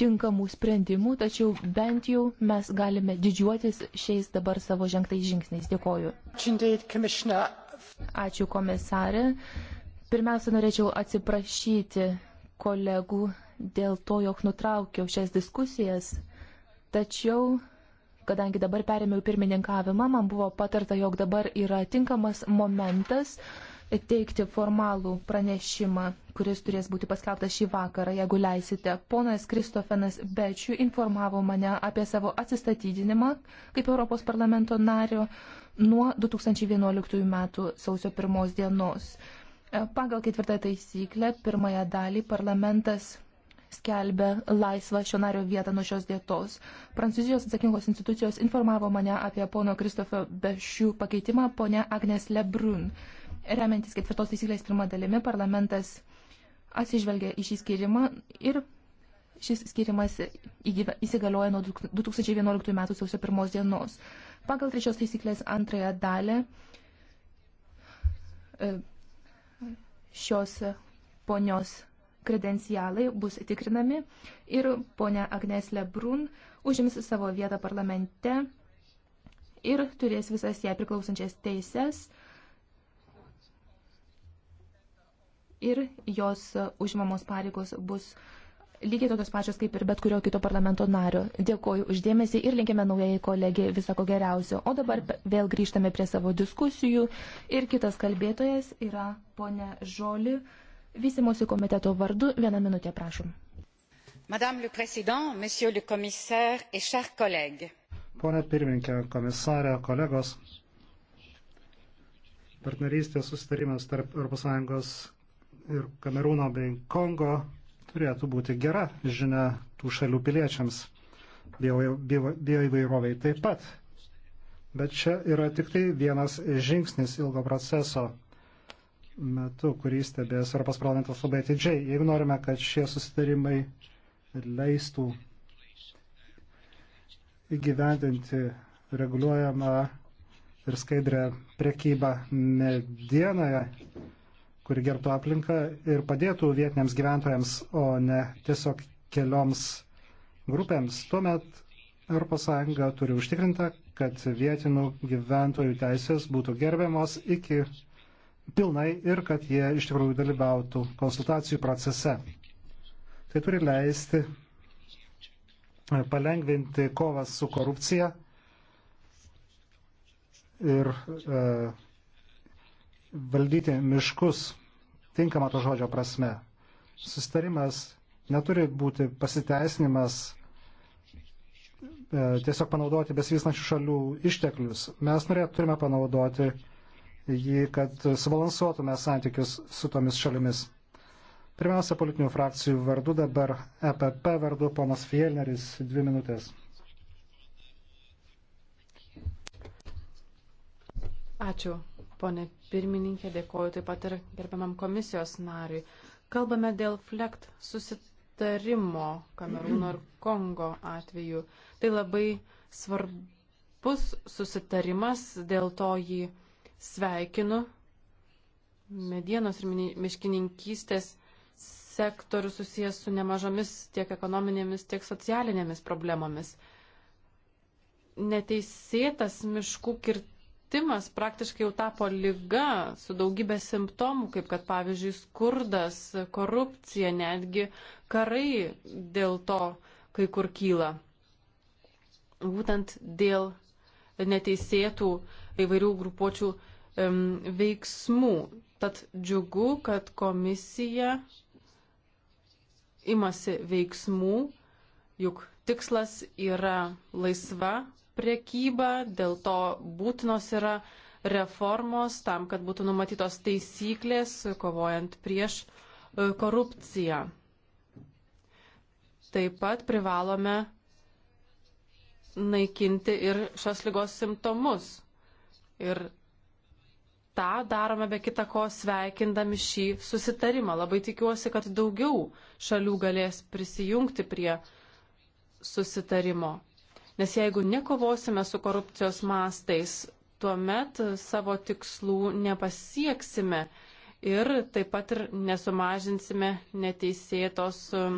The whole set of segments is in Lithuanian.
tinkamų sprendimų, tačiau bent jau mes galime didžiuotis šiais dabar savo žengtais žingsniais. Dėkoju. Ačiū komisarė. Pirmiausia, norėčiau atsiprašyti kolegų dėl to, jog nutraukiau šias diskusijas, tačiau, kadangi dabar perėmiau pirmininkavimą, man buvo patarta, jog dabar yra tinkamas momentas teikti formalų pranešimą, kuris turės būti paskelbtas šį vakarą, jeigu leisite. Ponas Kristofenas Bečių informavo mane apie savo atsistatydinimą kaip Europos parlamento nario nuo 2011 m. sausio 1 dienos. E, pagal ketvirtą taisyklę, pirmąją dalį parlamentas skelbia laisvą šio nario vietą nuo šios dėtos. Prancūzijos atsakingos institucijos informavo mane apie pono Kristofo Bešių pakeitimą ponę Agnes Lebrun remiantis ketvirtos taisyklės pirmą dalimi, parlamentas atsižvelgia į šį skirimą ir šis skirimas įsigalioja nuo 2011 m. sausio 1 dienos. Pagal trečios taisyklės antrąją dalę e, šios ponios kredencialai bus tikrinami ir ponia Agnes Lebrun užims savo vietą parlamente ir turės visas jai priklausančias teises ir jos užimamos pareigos bus lygiai tokios pačios kaip ir bet kurio kito parlamento nario. Dėkoju uždėmesį ir linkime naujai kolegijai visako geriausio. O dabar vėl grįžtame prie savo diskusijų ir kitas kalbėtojas yra ponė Žoli, Vysimosi komiteto vardu. Vieną minutę prašom. Madame le Président, Monsieur le Commissaire et chers collègues. Pone pirmininkė, komisarė, kolegos, partnerystės susitarimas tarp ES ir Kamerūno bei Kongo turėtų būti gera žinia tų šalių piliečiams, bioįvairoviai taip pat. Bet čia yra tik tai vienas žingsnis ilgo proceso metu, kurį stebės Europos parlamentas labai atidžiai. Jeigu norime, kad šie susitarimai leistų įgyvendinti reguliuojamą ir skaidrę prekybą medienoje, kuri gerbtų aplinką ir padėtų vietiniams gyventojams, o ne tiesiog kelioms grupėms, tuomet ES turi užtikrinta, kad vietinių gyventojų teisės būtų gerbiamos iki pilnai ir kad jie iš tikrųjų dalyvautų konsultacijų procese. Tai turi leisti palengvinti kovas su korupcija ir e, valdyti miškus tinkama to žodžio prasme. Sustarimas neturi būti pasiteisinimas e, tiesiog panaudoti besivystančių šalių išteklius. Mes norėt, turime panaudoti jį, kad subalansuotume santykius su tomis šalimis. Pirmiausia, politinių frakcijų vardu dabar EPP vardu ponas Fielneris, dvi minutės. Ačiū, ponė pirmininkė, dėkoju taip pat ir gerbiamam komisijos nariui. Kalbame dėl flekt susitarimo Kamerūno ir Kongo atveju. Tai labai svarbus susitarimas, dėl to jį sveikinu. Medienos ir miškininkystės sektorius susijęs su nemažomis tiek ekonominėmis, tiek socialinėmis problemomis. Neteisėtas miškų kirtimas nusikaltimas praktiškai jau tapo lyga su daugybė simptomų, kaip kad pavyzdžiui skurdas, korupcija, netgi karai dėl to kai kur kyla. Būtent dėl neteisėtų įvairių grupuočių um, veiksmų. Tad džiugu, kad komisija imasi veiksmų, juk tikslas yra laisva prekybą, dėl to būtinos yra reformos tam, kad būtų numatytos taisyklės kovojant prieš e, korupciją. Taip pat privalome naikinti ir šios lygos simptomus. Ir tą darome be kita ko sveikindami šį susitarimą. Labai tikiuosi, kad daugiau šalių galės prisijungti prie susitarimo. Nes jeigu nekovosime su korupcijos mastais, tuomet savo tikslų nepasieksime ir taip pat ir nesumažinsime neteisėtos um,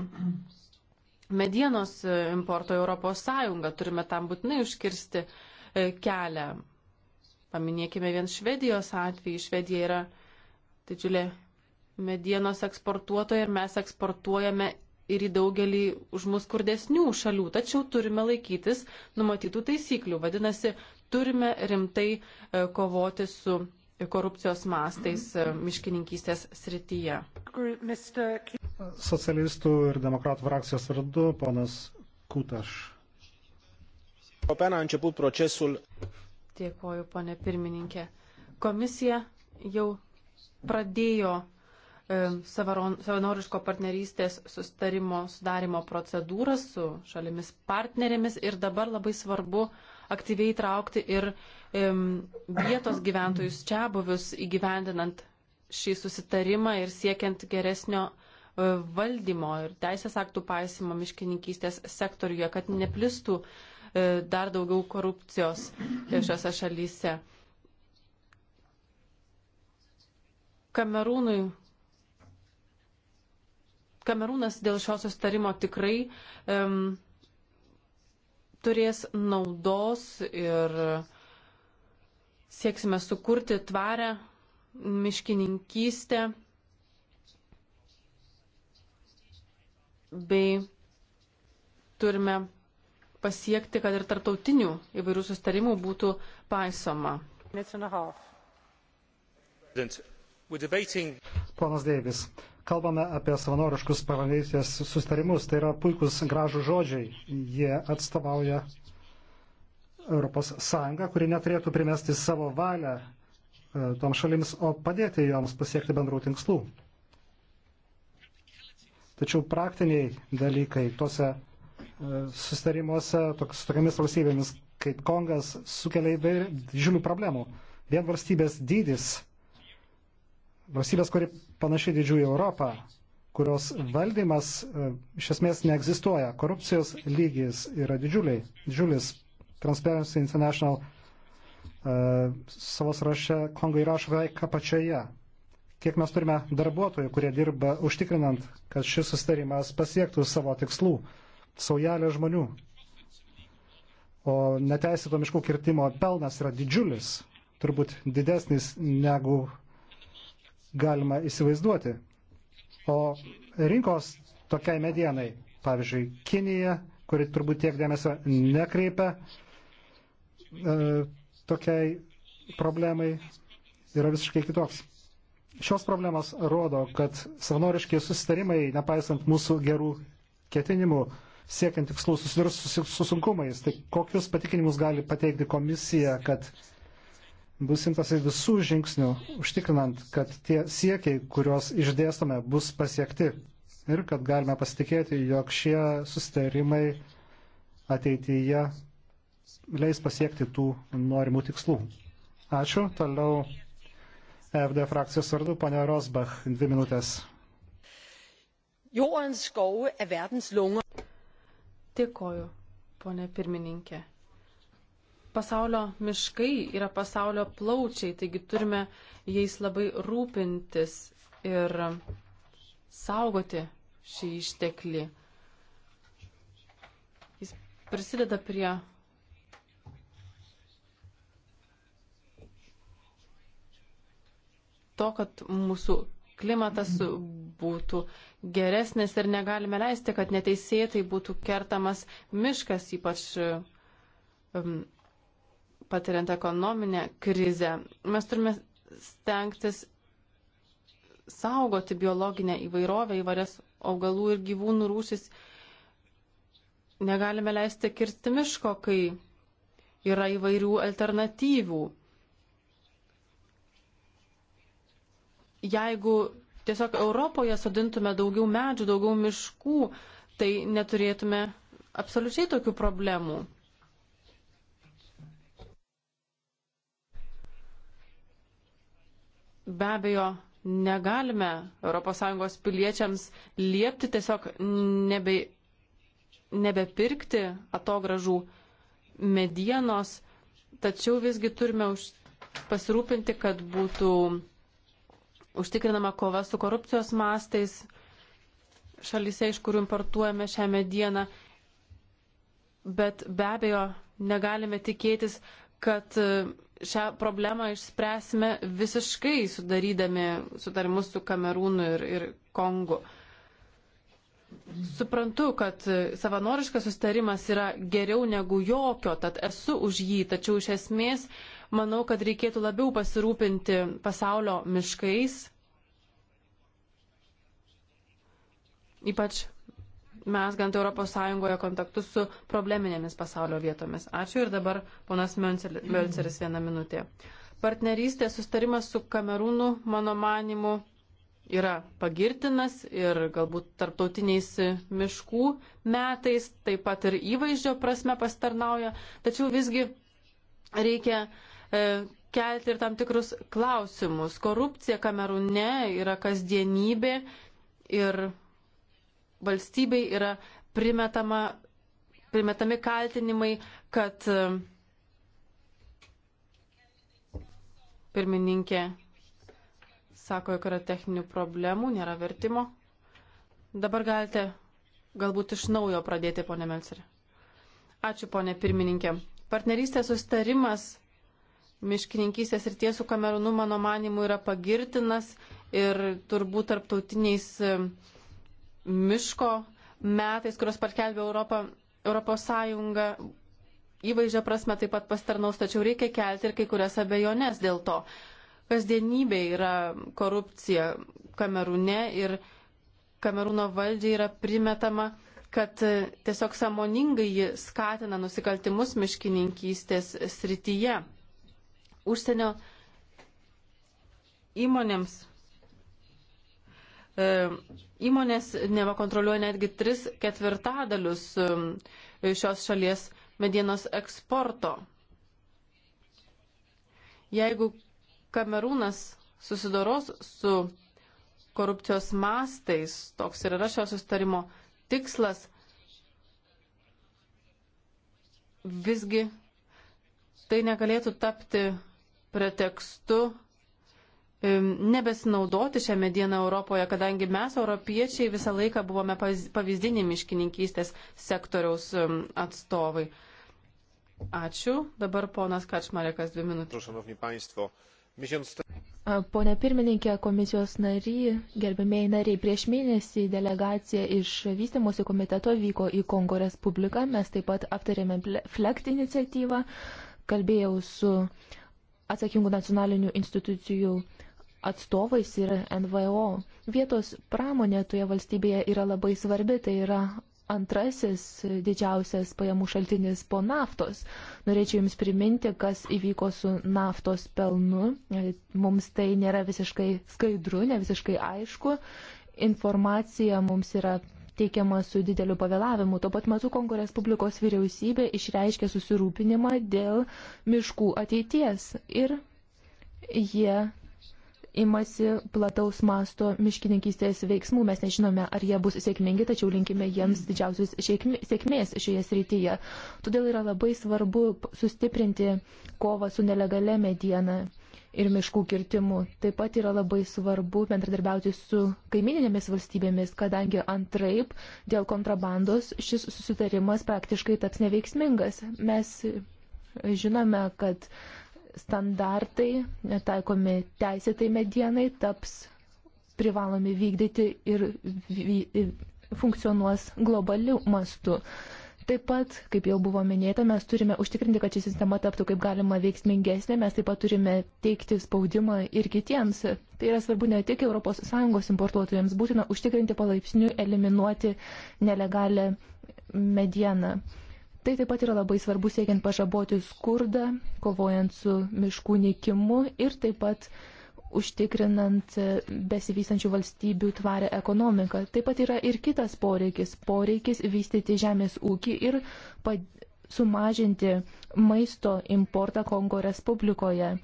medienos um, importo Europos Sąjungą. Turime tam būtinai užkirsti e, kelią. Paminėkime vien Švedijos atvejį. Švedija yra didžiulė medienos eksportuotoja ir mes eksportuojame ir į daugelį už mus skurdesnių šalių, tačiau turime laikytis numatytų taisyklių. Vadinasi, turime rimtai e, kovoti su korupcijos mastais e, miškininkystės srityje. Socialistų ir demokratų frakcijos vardu ponas Kutaš. Europeană a început procesul. Dėkoju, ponė pirmininkė. Komisija jau pradėjo E, savanoriško partnerystės sustarimo sudarimo procedūrą su šalimis partnerėmis ir dabar labai svarbu aktyviai traukti ir um, vietos gyventojus čia buvius įgyvendinant šį susitarimą ir siekiant geresnio uh, valdymo ir teisės aktų paisimo miškininkystės sektoriuje, kad neplistų uh, dar daugiau korupcijos šiose šalyse. Kamerūnui Kamerūnas dėl šio sustarimo tikrai um, turės naudos ir sieksime sukurti tvarę miškininkystę bei turime pasiekti, kad ir tartautinių įvairių sustarimų būtų paisoma. Ponas Deivis, kalbame apie savanoriškus partnerystės sustarimus. Tai yra puikus gražų žodžiai. Jie atstovauja Europos Sąjungą, kuri neturėtų primesti savo valią e, tom šalims, o padėti joms pasiekti bendrų tinkslų. Tačiau praktiniai dalykai tose e, sustarimuose tok, su tokiamis valstybėmis kaip Kongas sukelia didžiulių problemų. Vien valstybės dydis valstybės, kuri panašiai didžiųjų Europą, kurios valdymas e, iš esmės neegzistuoja. Korupcijos lygis yra didžiuliai, didžiulis. Transparency International uh, e, savo sąraše Kongo įrašo beveik apačioje. Kiek mes turime darbuotojų, kurie dirba užtikrinant, kad šis sustarimas pasiektų savo tikslų, saujelė žmonių. O neteisėto miškų kirtimo pelnas yra didžiulis, turbūt didesnis negu galima įsivaizduoti. O rinkos tokiai medienai, pavyzdžiui, Kinija, kuri turbūt tiek dėmesio nekreipia e, tokiai problemai, yra visiškai kitoks. Šios problemos rodo, kad savanoriški susitarimai, nepaisant mūsų gerų ketinimų, siekiant tikslų susidurs su, su sunkumais. Tai kokius patikinimus gali pateikti komisija, kad bus imtasi visų žingsnių, užtikrinant, kad tie siekiai, kuriuos išdėstome, bus pasiekti ir kad galime pasitikėti, jog šie sustarimai ateityje leis pasiekti tų norimų tikslų. Ačiū. Toliau FD frakcijos vardu, ponia Rosbach, dvi minutės. Jordens skove er verdens lunger. Dėkoju, ponia pirmininkė pasaulio miškai yra pasaulio plaučiai, taigi turime jais labai rūpintis ir saugoti šį išteklį. Jis prisideda prie to, kad mūsų klimatas būtų geresnis ir negalime leisti, kad neteisėtai būtų kertamas miškas, ypač um, patiriant ekonominę krizę, mes turime stengtis saugoti biologinę įvairovę, įvairias augalų ir gyvūnų rūšis. Negalime leisti kirsti miško, kai yra įvairių alternatyvų. Jeigu tiesiog Europoje sodintume daugiau medžių, daugiau miškų, tai neturėtume absoliučiai tokių problemų. be abejo negalime ES piliečiams liepti tiesiog nebe, nebepirkti atogražų medienos, tačiau visgi turime už, pasirūpinti, kad būtų užtikrinama kova su korupcijos mastais šalyse, iš kurių importuojame šią medieną. Bet be abejo, negalime tikėtis, kad šią problemą išspręsime visiškai sudarydami sutarimus su Kamerūnu ir, ir Kongu. Suprantu, kad savanoriškas sustarimas yra geriau negu jokio, tad esu už jį, tačiau iš esmės manau, kad reikėtų labiau pasirūpinti pasaulio miškais, ypač mes gant tai ES kontaktus su probleminėmis pasaulio vietomis. Ačiū ir dabar ponas Mölceris vieną minutę. Partnerystė, sustarimas su Kamerūnu, mano manimu, yra pagirtinas ir galbūt tarptautiniais miškų metais, taip pat ir įvaizdžio prasme pastarnauja, tačiau visgi reikia e, kelti ir tam tikrus klausimus. Korupcija Kamerūne yra kasdienybė ir valstybei yra primetama, primetami kaltinimai, kad e, pirmininkė sako, jog yra techninių problemų, nėra vertimo. Dabar galite galbūt iš naujo pradėti, ponė Melcerė. Ačiū, ponė pirmininkė. Partnerystės sustarimas miškininkystės ir tiesų kamerūnų, mano manimu, yra pagirtinas ir turbūt tarptautiniais e, miško metais, kurios paskelbė Europą, Europos Sąjunga, įvaizdžio prasme taip pat pastarnaus, tačiau reikia kelti ir kai kurias abejonės dėl to. Kasdienybė yra korupcija Kamerūne ir Kamerūno valdžiai yra primetama, kad tiesiog samoningai ji skatina nusikaltimus miškininkystės srityje. Užsienio įmonėms E, įmonės neva kontroliuoja netgi tris ketvirtadalius e, šios šalies medienos eksporto. Jeigu Kamerūnas susidoros su korupcijos mastais, toks ir yra šio sustarimo tikslas, visgi tai negalėtų tapti pretekstu nebesinaudoti šią medieną Europoje, kadangi mes, europiečiai, visą laiką buvome pavyzdiniai miškininkystės sektoriaus atstovai. Ačiū. Dabar ponas Kačmarekas dvi minutės. Pone pirmininkė, komisijos nary, gerbėmėjai nariai, prieš mėnesį delegacija iš vystimosi komiteto vyko į Kongo Respubliką. Mes taip pat aptarėme FLECT iniciatyvą, kalbėjau su atsakingų nacionalinių institucijų uh, atstovais ir NVO. Vietos pramonė toje valstybėje yra labai svarbi, tai yra antrasis didžiausias pajamų šaltinis po naftos. Norėčiau Jums priminti, kas įvyko su naftos pelnu. Mums tai nėra visiškai skaidru, ne visiškai aišku. Informacija mums yra teikiama su dideliu pavėlavimu. Tuo pat metu Kongo Respublikos vyriausybė išreiškė susirūpinimą dėl miškų ateities ir jie imasi plataus masto miškininkystės veiksmų. Mes nežinome, ar jie bus sėkmingi, tačiau linkime jiems didžiausios sėkmės šioje srityje. Todėl yra labai svarbu sustiprinti kovą su nelegale mediena ir miškų kirtimu. Taip pat yra labai svarbu bendradarbiauti su kaimininėmis valstybėmis, kadangi antraip dėl kontrabandos šis susitarimas praktiškai taps neveiksmingas. Mes žinome, kad standartai taikomi teisėtai medienai taps privalomi vykdyti ir funkcionuos globaliu mastu. Taip pat, kaip jau buvo minėta, mes turime užtikrinti, kad ši sistema taptų kaip galima veiksmingesnė, mes taip pat turime teikti spaudimą ir kitiems. Tai yra svarbu ne tik ES importuotojams, būtina užtikrinti palaipsniui eliminuoti nelegalę medieną. Tai taip pat yra labai svarbu siekiant pažaboti skurdą, kovojant su miškų nykimu ir taip pat užtikrinant e, besivystančių valstybių tvarę ekonomiką. Taip pat yra ir kitas poreikis - poreikis vystyti žemės ūkį ir sumažinti maisto importą Kongo Respublikoje e,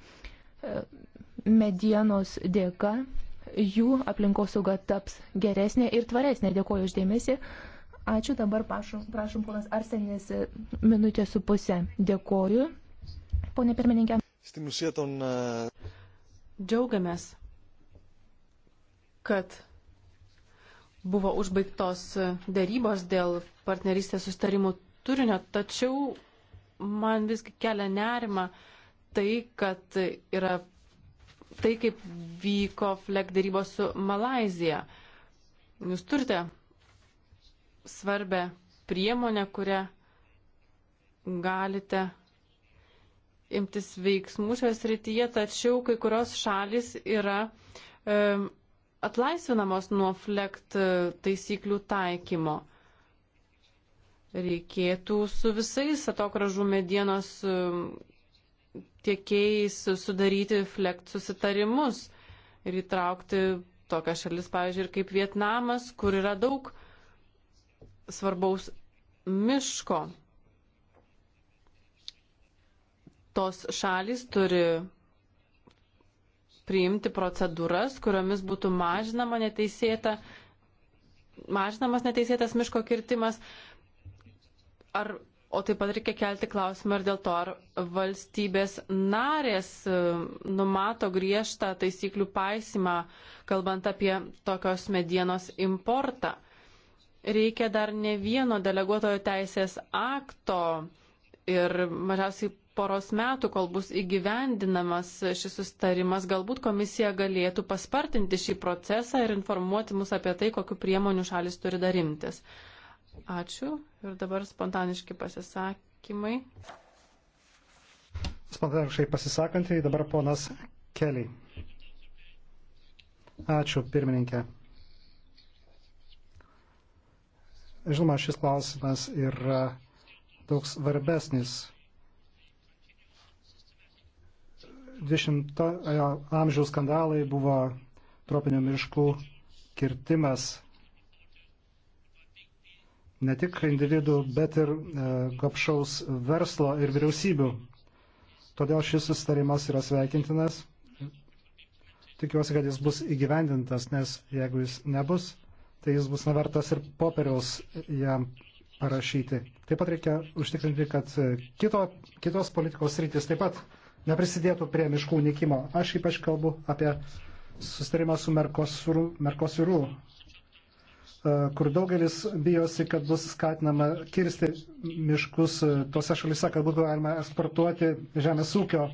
medienos dėka jų aplinkosauga taps geresnė ir tvaresnė. Dėkuoju uždėmesi. Ačiū, dabar prašom, prašom ponas Arsenis minutė su pusė. Dėkoju, ponė pirmininkė. E, Džiaugiamės, kad buvo užbaigtos darybos dėl partnerystės sustarimų turinio, tačiau man visgi kelia nerima tai, kad yra tai, kaip vyko flek darybos su Malazija. Jūs turite svarbę priemonę, kurią galite imtis veiksmų šioje srityje, tačiau kai kurios šalis yra e, atlaisvinamos nuo flekt e, taisyklių taikymo. Reikėtų su visais atokražų medienos tiekėjais sudaryti flekt susitarimus ir įtraukti tokias šalis, pavyzdžiui, ir kaip Vietnamas, kur yra daug svarbaus miško. Tos šalys turi priimti procedūras, kuriomis būtų mažinama neteisėta, mažinamas neteisėtas miško kirtimas. Ar, o taip pat reikia kelti klausimą ir dėl to, ar valstybės narės e, numato griežtą taisyklių paisimą, kalbant apie tokios medienos importą reikia dar ne vieno deleguotojo teisės akto ir mažiausiai poros metų, kol bus įgyvendinamas šis sustarimas, galbūt komisija galėtų paspartinti šį procesą ir informuoti mus apie tai, kokiu priemonių šalis turi darimtis. Ačiū. Ir dabar spontaniški pasisakymai. Spontaniškai pasisakantį dabar ponas Kelly. Ačiū, pirmininkė. Žinoma, šis klausimas yra daug svarbesnis 20-ojo amžiaus skandalai buvo tropinių miškų kirtimas ne tik individų, bet ir e, gopšaus verslo ir vyriausybių. Todėl šis sustarimas yra sveikintinas. Tikiuosi, kad jis bus įgyvendintas, nes jeigu jis nebus, tai jis bus nevertas ir popieriaus jam parašyti. Taip pat reikia užtikrinti, kad kito, kitos politikos rytis taip pat neprisidėtų prie miškų nikimo. Aš ypač kalbu apie sustarimą su Merkosuru, Merkosuru kur daugelis bijosi, kad bus skatinama kirsti miškus tose šalise, kad būtų galima eksportuoti žemės ūkio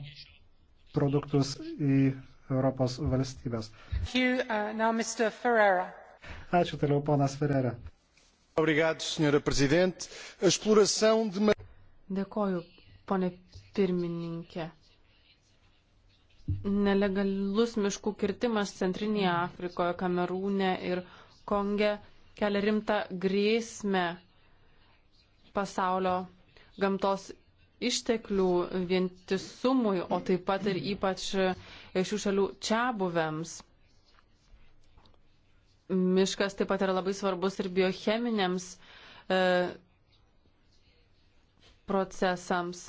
produktus į Europos valstybės. You, uh, Ačiū toliau, ponas Ferrera. Dėkoju, ponė pirmininkė. Nelegalus miškų kirtimas Centrinėje Afrikoje, Kamerūne ir Konge kelia rimtą grėsmę pasaulio gamtos išteklių vientisumui, o taip pat ir ypač šių šalių čia buvėms miškas taip pat yra labai svarbus ir biocheminiams e, procesams.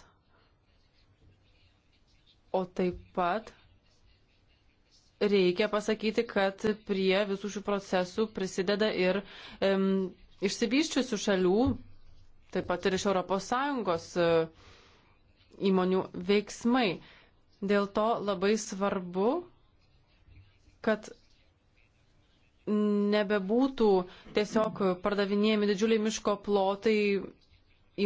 O taip pat reikia pasakyti, kad prie visų šių procesų prisideda ir e, išsivyščiusių šalių, taip pat ir iš ES e, įmonių veiksmai. Dėl to labai svarbu, kad nebebūtų tiesiog pardavinėjami didžiuliai miško plotai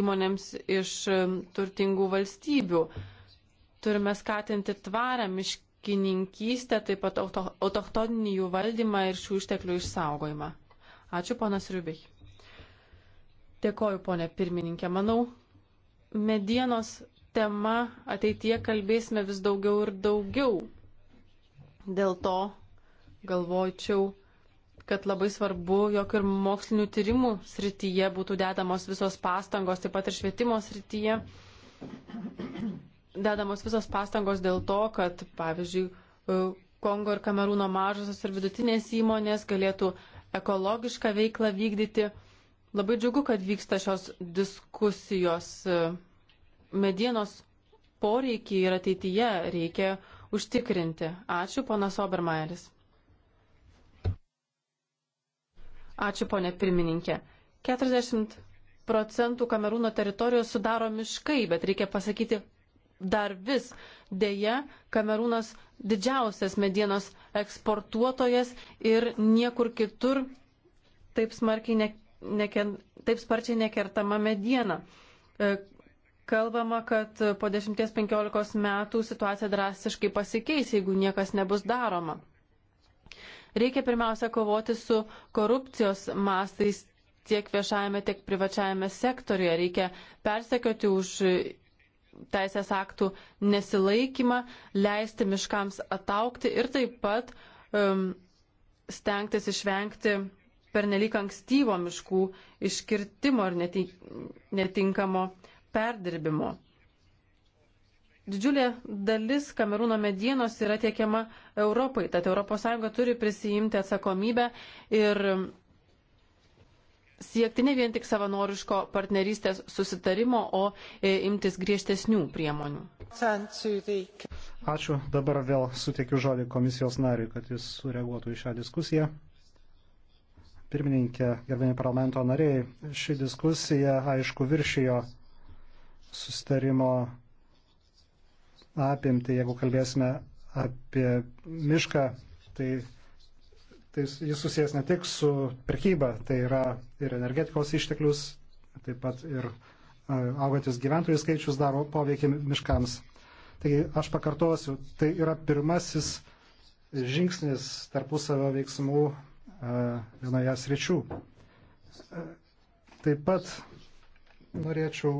įmonėms iš um, turtingų valstybių. Turime skatinti tvarę miškininkystę, taip pat auto, autochtoninį jų valdymą ir šių išteklių išsaugojimą. Ačiū, ponas Riubiai. Dėkoju, ponė pirmininkė. Manau, medienos tema ateityje kalbėsime vis daugiau ir daugiau. Dėl to galvočiau, kad labai svarbu, jog ir mokslinių tyrimų srityje būtų dedamos visos pastangos, taip pat ir švietimo srityje dedamos visos pastangos dėl to, kad, pavyzdžiui, e, Kongo ir Kamerūno mažosios ir vidutinės įmonės galėtų ekologišką veiklą vykdyti. Labai džiugu, kad vyksta šios diskusijos. E, medienos poreikį ir ateityje reikia užtikrinti. Ačiū, ponas Obermaeris. Ačiū, ponė pirmininkė. 40 procentų Kamerūno teritorijos sudaro miškai, bet reikia pasakyti dar vis. Deja, Kamerūnas didžiausias medienos eksportuotojas ir niekur kitur taip, ne, neken, taip sparčiai nekertama mediena. E, kalbama, kad po 10-15 metų situacija drastiškai pasikeis, jeigu niekas nebus daroma. Reikia pirmiausia kovoti su korupcijos mastais tiek viešajame, tiek privačiajame sektoriuje. Reikia persekioti už teisės aktų nesilaikymą, leisti miškams ataukti ir taip pat um, stengtis išvengti pernelyg ankstyvo miškų iškirtimo ir netinkamo perdirbimo. Didžiulė dalis Kamerūno medienos yra tiekiama Europai, tad ES turi prisijimti atsakomybę ir siekti ne vien tik savanoriško partnerystės susitarimo, o e, imtis griežtesnių priemonių. Ačiū. Dabar vėl suteikiu žodį komisijos nariui, kad jis sureaguotų į šią diskusiją. Pirmininkė, gerbėjai parlamento nariai, ši diskusija, aišku, viršijo susitarimo apimti, jeigu kalbėsime apie mišką, tai, tai jis susijęs ne tik su prekyba, tai yra ir energetikos išteklius, taip pat ir augantis gyventojų skaičius daro poveikį miškams. Taigi aš pakartosiu, tai yra pirmasis žingsnis tarpusavio veiksmų vienoje sričių. Taip pat norėčiau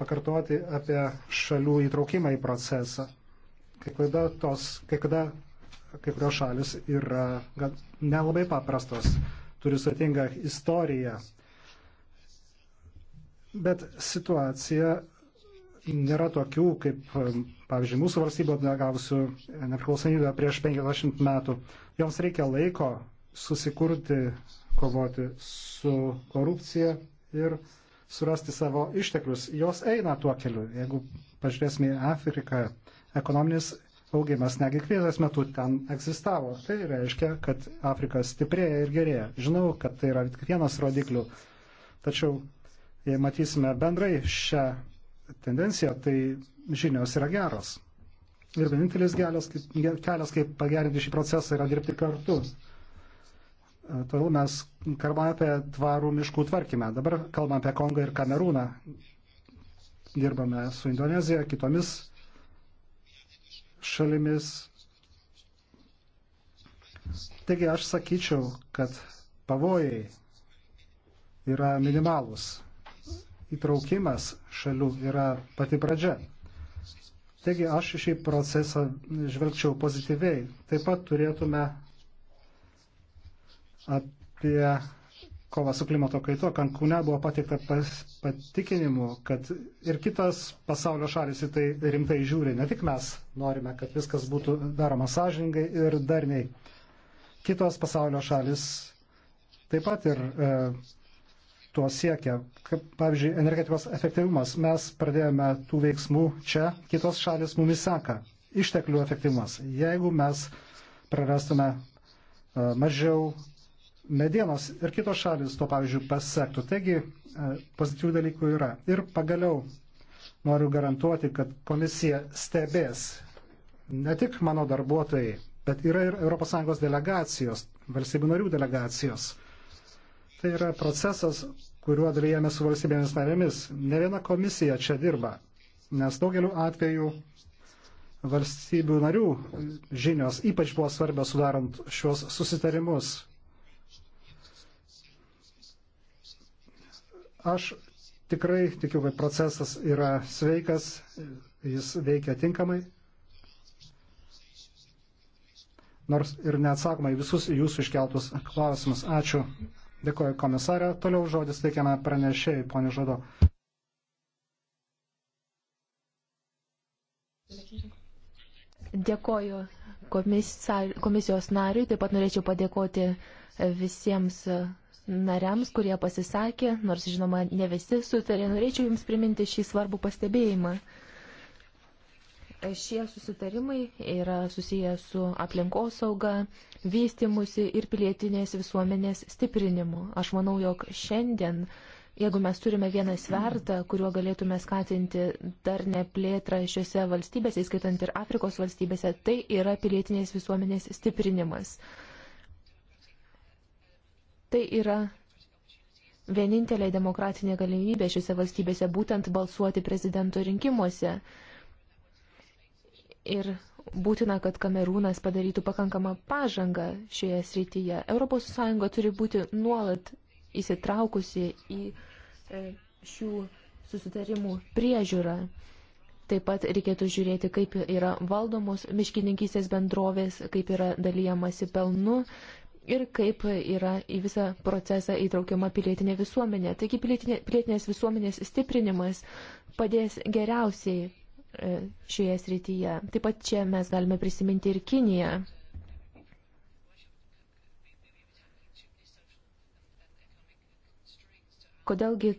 pakartoti apie šalių įtraukimą į procesą. Kai kada, tos, kai kada kai kurios šalis yra nelabai paprastos, turi sutingą istoriją. Bet situacija nėra tokių, kaip, pavyzdžiui, mūsų valstybė atgavusių nepriklausomybę prieš 50 metų. Joms reikia laiko susikurti, kovoti su korupcija ir uh, surasti savo išteklius. Jos eina tuo keliu. Jeigu pažiūrėsime į Afriką, ekonominis augimas negi krizės metu ten egzistavo. Tai reiškia, kad Afrika stiprėja ir gerėja. Žinau, kad tai yra tik vienas rodiklių. Tačiau, jei matysime bendrai šią tendenciją, tai žinios yra geros. Ir vienintelis kelias, kaip, kelias, kaip pagerinti šį procesą, yra dirbti kartu. E, Todėl mes kalbame apie tvarų miškų tvarkymą. Dabar kalbame apie Kongą ir Kamerūną. Dirbame su Indonezija, kitomis šalimis. Taigi aš sakyčiau, kad pavojai yra minimalūs. Įtraukimas šalių yra pati pradžia. Taigi aš šį procesą žvelgčiau pozityviai. Taip pat turėtume apie kovą su klimato kaito, Kankūne buvo pateikta patikinimu, kad ir kitos pasaulio šalis į tai rimtai žiūri. Ne tik mes norime, kad viskas būtų daroma sąžiningai ir darniai. Kitos pasaulio šalis taip pat ir e, tuo siekia. Kaip, pavyzdžiui, energetikos efektyvumas. Mes pradėjome tų veiksmų čia, kitos šalis mumis seka. Išteklių efektyvumas. Jeigu mes prarastume e, mažiau medienos ir kitos šalis to, pavyzdžiui, pasektų. Taigi e, pozityvių dalykų yra. Ir pagaliau noriu garantuoti, kad komisija stebės ne tik mano darbuotojai, bet yra ir ES delegacijos, valstybių narių delegacijos. Tai yra procesas, kuriuo dalyjame su valstybėmis narėmis. Ne viena komisija čia dirba, nes daugeliu atveju valstybių narių žinios ypač buvo svarbios sudarant šios susitarimus Aš tikrai tikiu, kad procesas yra sveikas, jis veikia tinkamai. Nors ir neatsakoma į visus jūsų iškeltus klausimus. Ačiū. Dėkuoju komisarė. Toliau žodis teikiame pranešėjai, ponė Žado. Dėkoju komisijos nariui, taip pat norėčiau padėkoti visiems nariams, kurie pasisakė, nors žinoma ne visi sutarė, norėčiau Jums priminti šį svarbų pastebėjimą. Šie susitarimai yra susiję su aplinkosauga, vystimusi ir pilietinės visuomenės stiprinimu. Aš manau, jog šiandien, jeigu mes turime vieną svertą, kuriuo galėtume skatinti dar neplėtrą šiuose valstybėse, įskaitant ir Afrikos valstybėse, tai yra pilietinės visuomenės stiprinimas. Tai yra vienintelė demokratinė galimybė šiuose valstybėse būtent balsuoti prezidento rinkimuose. Ir būtina, kad Kamerūnas padarytų pakankamą pažangą šioje srityje. ES turi būti nuolat įsitraukusi į e, šių susitarimų priežiūrą. Taip pat reikėtų žiūrėti, kaip yra valdomos miškininkysės bendrovės, kaip yra dalyjamasi pelnu ir kaip yra į visą procesą įtraukiama pilietinė visuomenė. Taigi pilietinė, pilietinės visuomenės stiprinimas padės geriausiai e, šioje srityje. Taip pat čia mes galime prisiminti ir Kiniją. Kodėlgi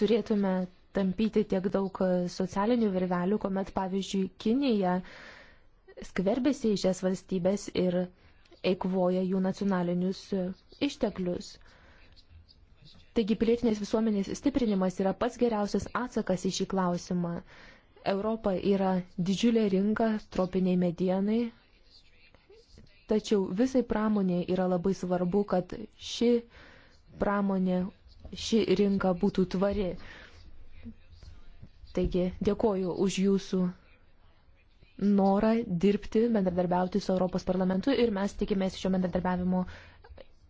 turėtume tampyti tiek daug socialinių virvelių, kuomet, pavyzdžiui, Kinija skverbėsi į šias valstybės ir eikvoja jų nacionalinius e, išteklius. Taigi pilietinės visuomenės stiprinimas yra pats geriausias atsakas į šį klausimą. Europa yra didžiulė rinka tropiniai medienai, tačiau visai pramoniai yra labai svarbu, kad ši pramonė, ši rinka būtų tvari. Taigi dėkoju už jūsų norą dirbti, bendradarbiauti su Europos parlamentu ir mes tikimės šio bendradarbiavimo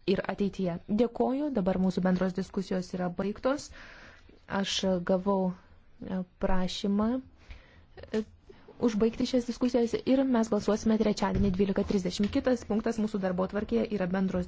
ir ateityje. Dėkoju, dabar mūsų bendros diskusijos yra baigtos. Aš gavau e, prašymą e, užbaigti šias diskusijas ir mes balsuosime trečiadienį 12.30. Kitas punktas mūsų darbo tvarkėje yra bendros.